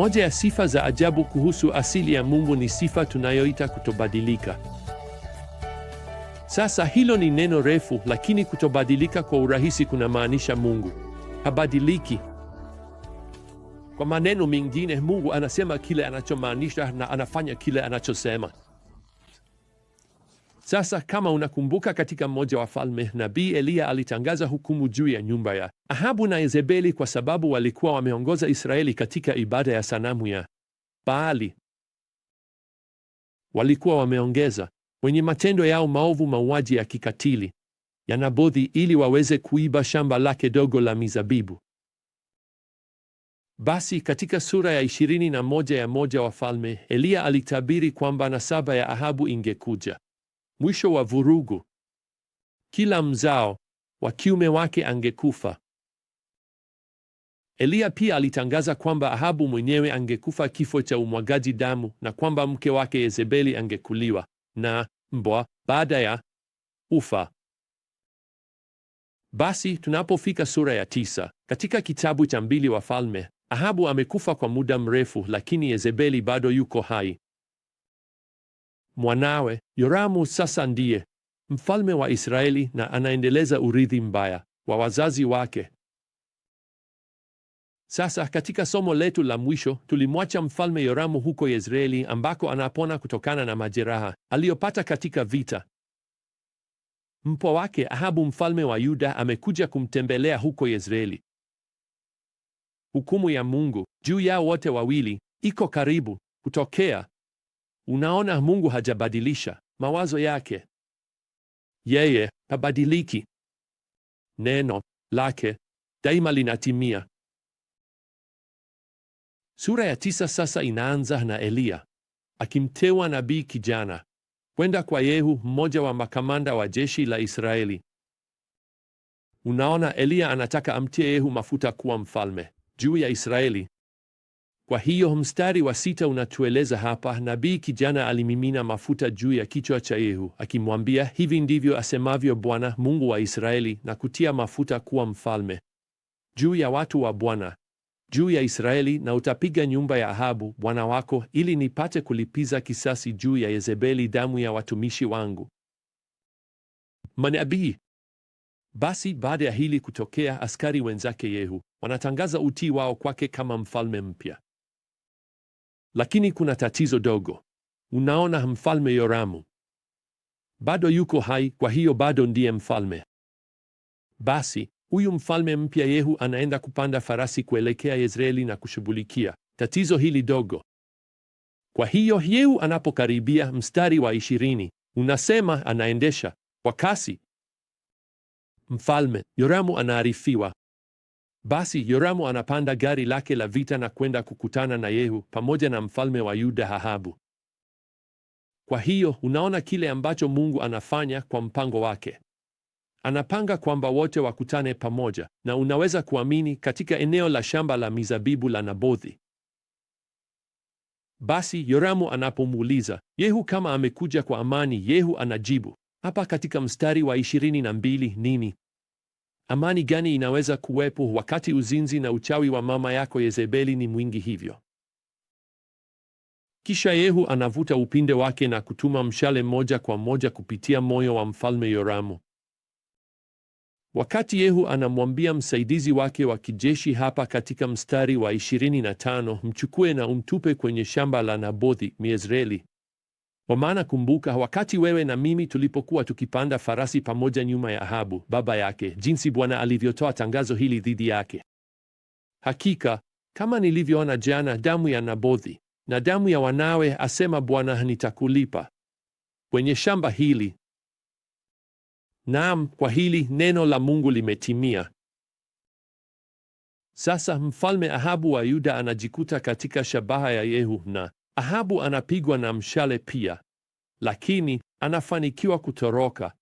Moja ya sifa za ajabu kuhusu asili ya Mungu ni sifa tunayoita kutobadilika. Sasa hilo ni neno refu, lakini kutobadilika kwa urahisi kunamaanisha Mungu habadiliki. Kwa maneno mengine, Mungu anasema kile anachomaanisha na anafanya kile anachosema. Sasa kama unakumbuka, katika mmoja wa falme nabii Eliya alitangaza hukumu juu ya nyumba ya Ahabu na Yezebeli kwa sababu walikuwa wameongoza Israeli katika ibada ya sanamu ya Baali. Walikuwa wameongeza kwenye matendo yao maovu mauaji ya kikatili ya Nabothi ili waweze kuiba shamba lake dogo la mizabibu. Basi katika sura ya ishirini na moja ya moja wa Falme, Eliya alitabiri kwamba nasaba ya Ahabu ingekuja mwisho wa vurugu. Kila mzao wa kiume wake angekufa. Eliya pia alitangaza kwamba Ahabu mwenyewe angekufa kifo cha umwagaji damu na kwamba mke wake Yezebeli angekuliwa na mbwa baada ya ufa. Basi tunapofika sura ya tisa katika kitabu cha mbili Wafalme, Ahabu amekufa kwa muda mrefu, lakini Yezebeli bado yuko hai mwanawe Yoramu sasa ndiye mfalme wa Israeli na anaendeleza urithi mbaya wa wazazi wake. Sasa katika somo letu la mwisho tulimwacha mfalme Yoramu huko Yezreeli, ambako anapona kutokana na majeraha aliyopata katika vita. Mpwa wake Ahabu mfalme wa Yuda amekuja kumtembelea huko Yezreeli. Hukumu ya Mungu juu yao wote wawili iko karibu kutokea. Unaona, Mungu hajabadilisha mawazo yake, yeye habadiliki. Neno lake daima linatimia. Sura ya tisa sasa inaanza na Eliya akimtewa nabii kijana kwenda kwa Yehu, mmoja wa makamanda wa jeshi la Israeli. Unaona, Eliya anataka amtie Yehu mafuta kuwa mfalme juu ya Israeli. Kwa hiyo mstari wa sita unatueleza hapa, nabii kijana alimimina mafuta juu ya kichwa cha Yehu akimwambia, hivi ndivyo asemavyo Bwana Mungu wa Israeli, na kutia mafuta kuwa mfalme juu ya watu wa Bwana, juu ya Israeli, na utapiga nyumba ya Ahabu bwana wako, ili nipate kulipiza kisasi juu ya Yezebeli damu ya watumishi wangu manabii. Basi baada ya hili kutokea, askari wenzake Yehu wanatangaza utii wao kwake kama mfalme mpya. Lakini kuna tatizo dogo. Unaona, mfalme Yoramu bado yuko hai, kwa hiyo bado ndiye mfalme. Basi huyu mfalme mpya Yehu anaenda kupanda farasi kuelekea Yezreeli na kushughulikia tatizo hili dogo. Kwa hiyo Yehu anapokaribia mstari wa ishirini unasema anaendesha kwa kasi. Mfalme Yoramu anaarifiwa basi Yoramu anapanda gari lake la vita na kwenda kukutana na Yehu pamoja na mfalme wa Yuda Ahabu. Kwa hiyo unaona kile ambacho Mungu anafanya kwa mpango wake. Anapanga kwamba wote wakutane pamoja, na unaweza kuamini, katika eneo la shamba la mizabibu la Nabothi. Basi Yoramu anapomuuliza Yehu kama amekuja kwa amani, Yehu anajibu hapa katika mstari wa 22, nini? Amani gani inaweza kuwepo wakati uzinzi na uchawi wa mama yako Yezebeli ni mwingi hivyo? Kisha Yehu anavuta upinde wake na kutuma mshale moja kwa moja kupitia moyo wa mfalme Yoramu. Wakati Yehu anamwambia msaidizi wake wa kijeshi hapa katika mstari wa 25, mchukue na umtupe kwenye shamba la Nabothi Myezreeli. Kwa maana kumbuka, wakati wewe na mimi tulipokuwa tukipanda farasi pamoja nyuma ya Ahabu baba yake, jinsi Bwana alivyotoa tangazo hili dhidi yake: hakika kama nilivyoona jana damu ya Nabothi na damu ya wanawe, asema Bwana, nitakulipa kwenye shamba hili. Naam, kwa hili neno la Mungu limetimia. Sasa mfalme Ahabu wa Yuda anajikuta katika shabaha ya Yehu na Ahabu anapigwa na mshale pia, lakini anafanikiwa kutoroka.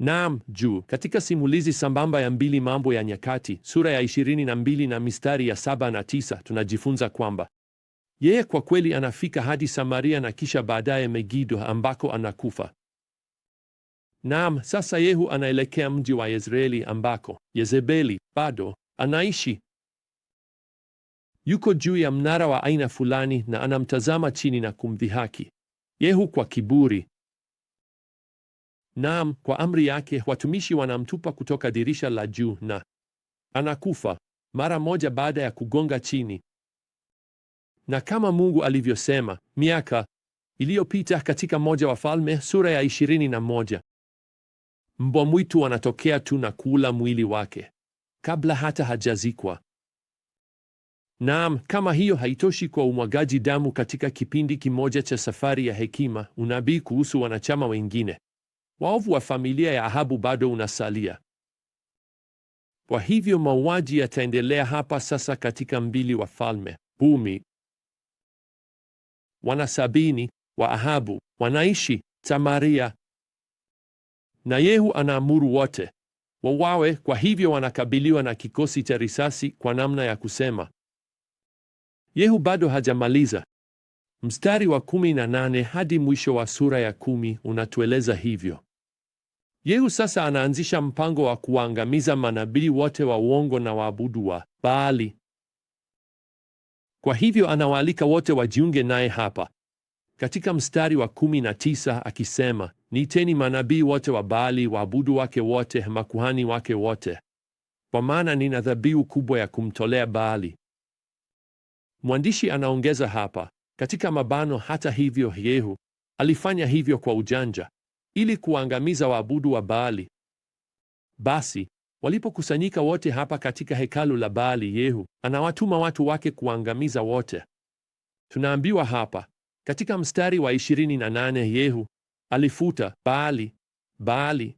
Naam, juu katika simulizi sambamba ya mbili Mambo ya Nyakati sura ya 22 na mistari ya 7 na 9 tunajifunza kwamba yeye kwa kweli anafika hadi Samaria na kisha baadaye Megido ambako anakufa. Naam, sasa Yehu anaelekea mji wa Yezreeli ambako Yezebeli bado anaishi yuko juu ya mnara wa aina fulani na anamtazama chini na kumdhihaki Yehu kwa kiburi. Naam, kwa amri yake watumishi wanamtupa kutoka dirisha la juu na anakufa mara moja baada ya kugonga chini. Na kama Mungu alivyosema miaka iliyopita katika moja wa Falme sura ya ishirini na moja, mbwa mwitu wanatokea tu na kuula mwili wake kabla hata hajazikwa. Naam, kama hiyo haitoshi kwa umwagaji damu katika kipindi kimoja cha Safari ya Hekima, unabii kuhusu wanachama wengine waovu wa familia ya Ahabu bado unasalia. Kwa hivyo mauaji yataendelea hapa sasa katika mbili Wafalme kumi. Wana sabini wa Ahabu wanaishi Samaria, na Yehu anaamuru wote wawawe. Kwa hivyo wanakabiliwa na kikosi cha risasi kwa namna ya kusema Yehu bado hajamaliza. Mstari wa kumi na nane hadi mwisho wa sura ya kumi unatueleza hivyo. Yehu sasa anaanzisha mpango wa kuwaangamiza manabii wote wa uongo na waabudu wa Baali. Kwa hivyo anawaalika wote wajiunge naye hapa katika mstari wa kumi na tisa akisema, niiteni manabii wote wa Baali, waabudu wake wote, makuhani wake wote, kwa maana nina dhabihu kubwa ya kumtolea Baali. Mwandishi anaongeza hapa katika mabano, hata hivyo Yehu alifanya hivyo kwa ujanja ili kuwaangamiza waabudu wa Baali. Basi walipokusanyika wote hapa katika hekalu la Baali, Yehu anawatuma watu wake kuwaangamiza wote. Tunaambiwa hapa katika mstari wa 28, Yehu alifuta Baali Baali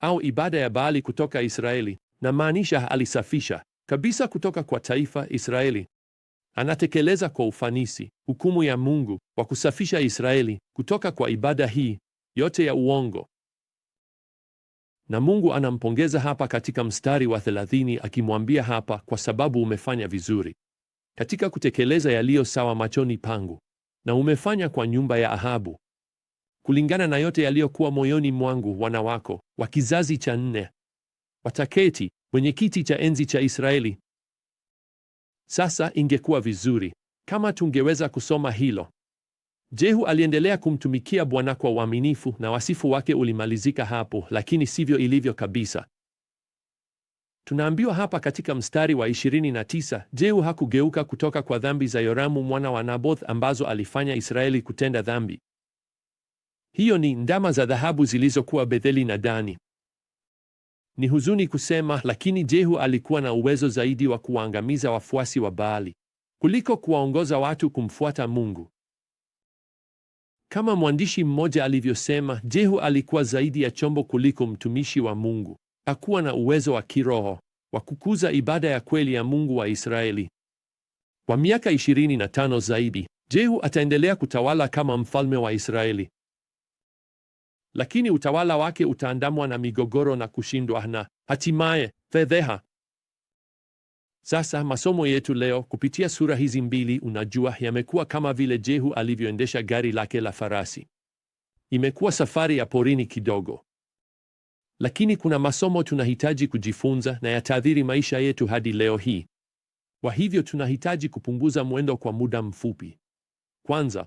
au ibada ya Baali kutoka Israeli, na maanisha alisafisha kabisa kutoka kwa taifa Israeli anatekeleza kwa ufanisi hukumu ya Mungu wa kusafisha Israeli kutoka kwa ibada hii yote ya uongo. Na Mungu anampongeza hapa katika mstari wa 30 akimwambia hapa, kwa sababu umefanya vizuri katika kutekeleza yaliyo sawa machoni pangu, na umefanya kwa nyumba ya Ahabu kulingana na yote yaliyokuwa moyoni mwangu. wanawako wa kizazi cha nne wataketi kwenye kiti cha enzi cha Israeli sasa ingekuwa vizuri kama tungeweza kusoma hilo. Jehu aliendelea kumtumikia Bwana kwa uaminifu na wasifu wake ulimalizika hapo, lakini sivyo ilivyo kabisa. Tunaambiwa hapa katika mstari wa 29, Jehu hakugeuka kutoka kwa dhambi za Yoramu mwana wa Naboth ambazo alifanya Israeli kutenda dhambi. Hiyo ni ndama za dhahabu zilizokuwa Betheli na Dani. Ni huzuni kusema, lakini Jehu alikuwa na uwezo zaidi wa kuwaangamiza wafuasi wa Baali kuliko kuwaongoza watu kumfuata Mungu. Kama mwandishi mmoja alivyosema, Jehu alikuwa zaidi ya chombo kuliko mtumishi wa Mungu. Hakuwa na uwezo wa kiroho wa kukuza ibada ya kweli ya Mungu wa Israeli. Kwa miaka 25 zaidi, Jehu ataendelea kutawala kama mfalme wa Israeli lakini utawala wake utaandamwa na migogoro na kushindwa na hatimaye fedheha. Sasa masomo yetu leo kupitia sura hizi mbili, unajua, yamekuwa kama vile Jehu alivyoendesha gari lake la farasi. Imekuwa safari ya porini kidogo, lakini kuna masomo tunahitaji kujifunza na yataathiri maisha yetu hadi leo hii. Kwa hivyo tunahitaji kupunguza mwendo kwa muda mfupi. Kwanza,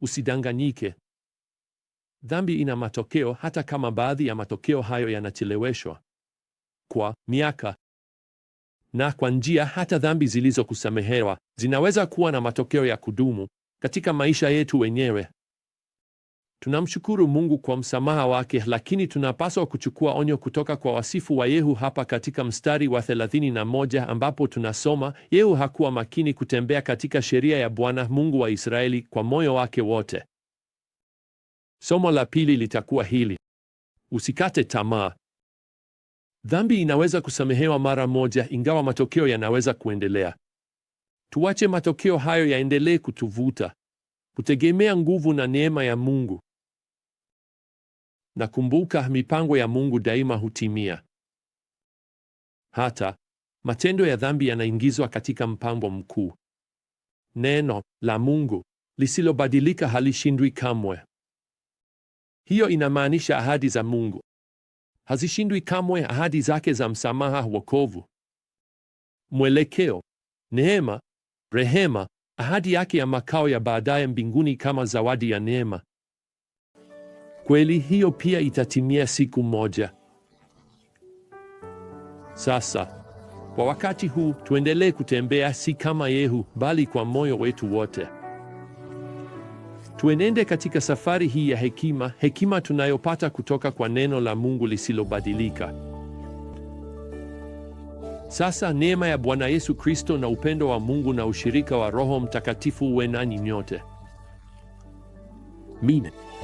usidanganyike. Dhambi ina matokeo, hata kama baadhi ya matokeo hayo yanacheleweshwa kwa miaka na kwa njia. Hata dhambi zilizokusamehewa zinaweza kuwa na matokeo ya kudumu katika maisha yetu wenyewe. Tunamshukuru Mungu kwa msamaha wake, lakini tunapaswa kuchukua onyo kutoka kwa wasifu wa Yehu hapa katika mstari wa 31 ambapo tunasoma, Yehu hakuwa makini kutembea katika sheria ya Bwana Mungu wa Israeli kwa moyo wake wote Somo la pili litakuwa hili: usikate tamaa. Dhambi inaweza kusamehewa mara moja, ingawa matokeo yanaweza kuendelea. Tuache matokeo hayo yaendelee kutuvuta kutegemea nguvu na neema ya Mungu. Na kumbuka, mipango ya Mungu daima hutimia. Hata matendo ya dhambi yanaingizwa katika mpango mkuu. Neno la Mungu lisilobadilika halishindwi kamwe. Hiyo inamaanisha ahadi za Mungu hazishindwi kamwe, ahadi zake za msamaha, wokovu, mwelekeo, neema, rehema, ahadi yake ya makao ya baadaye mbinguni kama zawadi ya neema. Kweli hiyo pia itatimia siku moja. Sasa kwa wakati huu tuendelee kutembea si kama Yehu, bali kwa moyo wetu wote. Tuenende katika safari hii ya hekima, hekima tunayopata kutoka kwa neno la Mungu lisilobadilika. Sasa neema ya Bwana Yesu Kristo na upendo wa Mungu na ushirika wa Roho Mtakatifu uwe nanyi nyote. Amina.